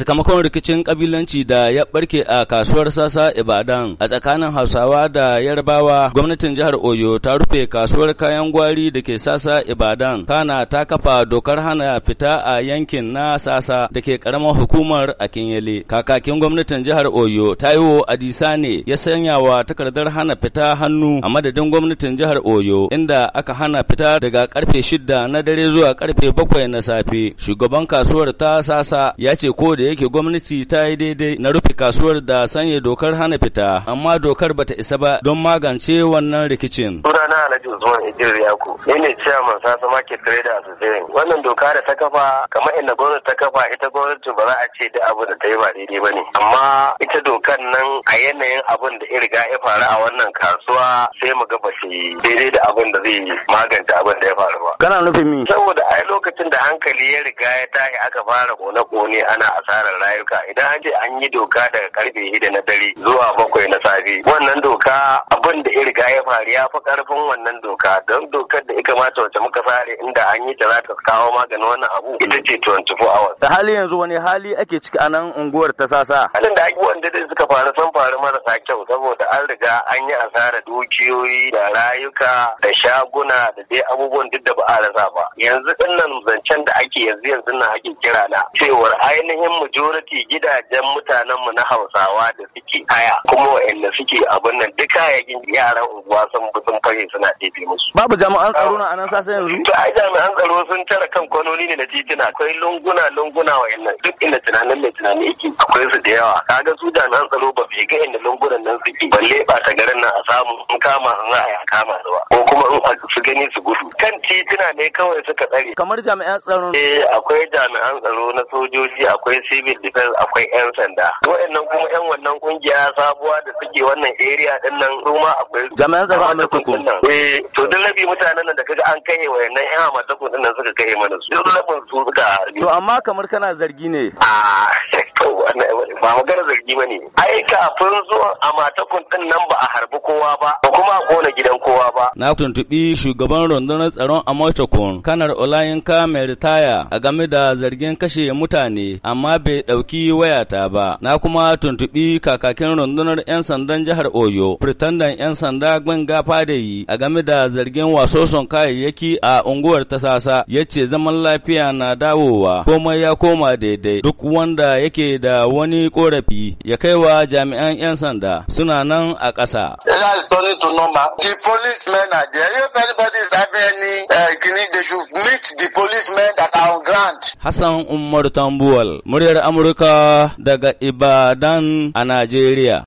sakamakon rikicin kabilanci da ya barke a kasuwar sasa ibadan a tsakanin hausawa da yarbawa gwamnatin jihar oyo ta rufe kasuwar kayan gwari da ke sasa ibadan kana ta kafa dokar hana fita a yankin na sasa da ke karamar hukumar a kinyele kakakin gwamnatin jihar oyo taiwo adisa ne ya sanya wa takardar hana fita hannu a madadin gwamnatin jihar oyo inda aka hana fita daga karfe shida na dare zuwa karfe bakwai na safe shugaban kasuwar ta sasa ya ce ko da yake gwamnati ta yi daidai na rufe kasuwar da sanya dokar hana fita amma dokar bata isa ba don magance wannan rikicin. Sunana Alhaji Usman Idris Yaku ni ne ciyaman Sasa Market Trader Association wannan doka da ta kafa kamar inda gwamnati ta kafa ita gwamnati ba za a ce da abu da ta yi ba daidai ba ne amma ita dokar nan a yanayin abin da ya riga ya faru a wannan kasuwa sai mu ga ba shi daidai da abin da zai magance abin da ya faru ba. Kana nufin mi? Saboda a lokacin da hankali ya riga ya tashi aka fara kone-kone ana asara asarar rayuka idan an ce an yi doka daga karfe shida na dare zuwa bakwai na safe wannan doka abin da ya riga ya faru ya fi karfin wannan doka don dokar da ya kamata wace muka fare inda an yi ta za ta kawo maganin wannan abu ita ce 24 hours da hali yanzu wani hali ake ciki a nan unguwar ta sasa halin da abubuwan da suka faru sun faru marasa kyau saboda an riga an yi asarar dukiyoyi da rayuka da shaguna da dai abubuwan duk da ba a rasa ba yanzu dinnan zancen da ake yanzu yanzu na ake kira na cewar ainihin majority gidajen mutanenmu na hausawa da suke Aya. kuma wa'anda suke abin nan duk kayayyakin yaran unguwa sun sun fage suna ɗebe musu. Babu jami'an tsaro na anan sasa yanzu? To ai jami'an tsaro sun tara kan kwanoni ne na titina akwai lunguna lunguna waɗannan duk inda tunanin mai tunani yake akwai su da yawa kaga su jami'an tsaro ba su ga inda lungunan nan suke balle ba ta garin nan a samu in kama in za a kama ba ko kuma in su gani su gudu kan titina ne kawai suka tsare. Kamar jami'an tsaro? Eh akwai jami'an tsaro na sojoji akwai civil defense akwai 'yan sanda wayannan kuma 'yan wannan kungiya sabuwa da suke wannan area din nan su ma akwai jami'an tsaro a ku. eh to duk labi mutanen nan da kaga an kai wayannan 'yan amataku din nan suka kai mana su duk labin su suka to amma kamar kana zargi ne Ah. ba magana zargi ba ne ai kafin zo a matakun din nan ba a harbi kowa ba ba kuma a kona gidan kowa ba na tuntubi shugaban rundunar tsaron a Mochokun kanar Olayinka mai ritaya a game da zargin kashe mutane amma bai ɗauki wayata ba na kuma tuntubi kakakin rundunar 'yan sandan jihar Oyo Firtandan 'yan sanda Gbenga yi. a game da zargin wasoson kayayyaki a unguwar ta sasa ya ce zaman lafiya na dawowa komai ya koma daidai duk wanda yake da wani wani korafi ya kai wa jami'an 'yan sanda suna nan a ƙasa. The policemen are there. If anybody is having any uh, they should meet the policemen that are on ground. Hassan Umar Tambuwal, muryar Amurka daga Ibadan a Najeriya.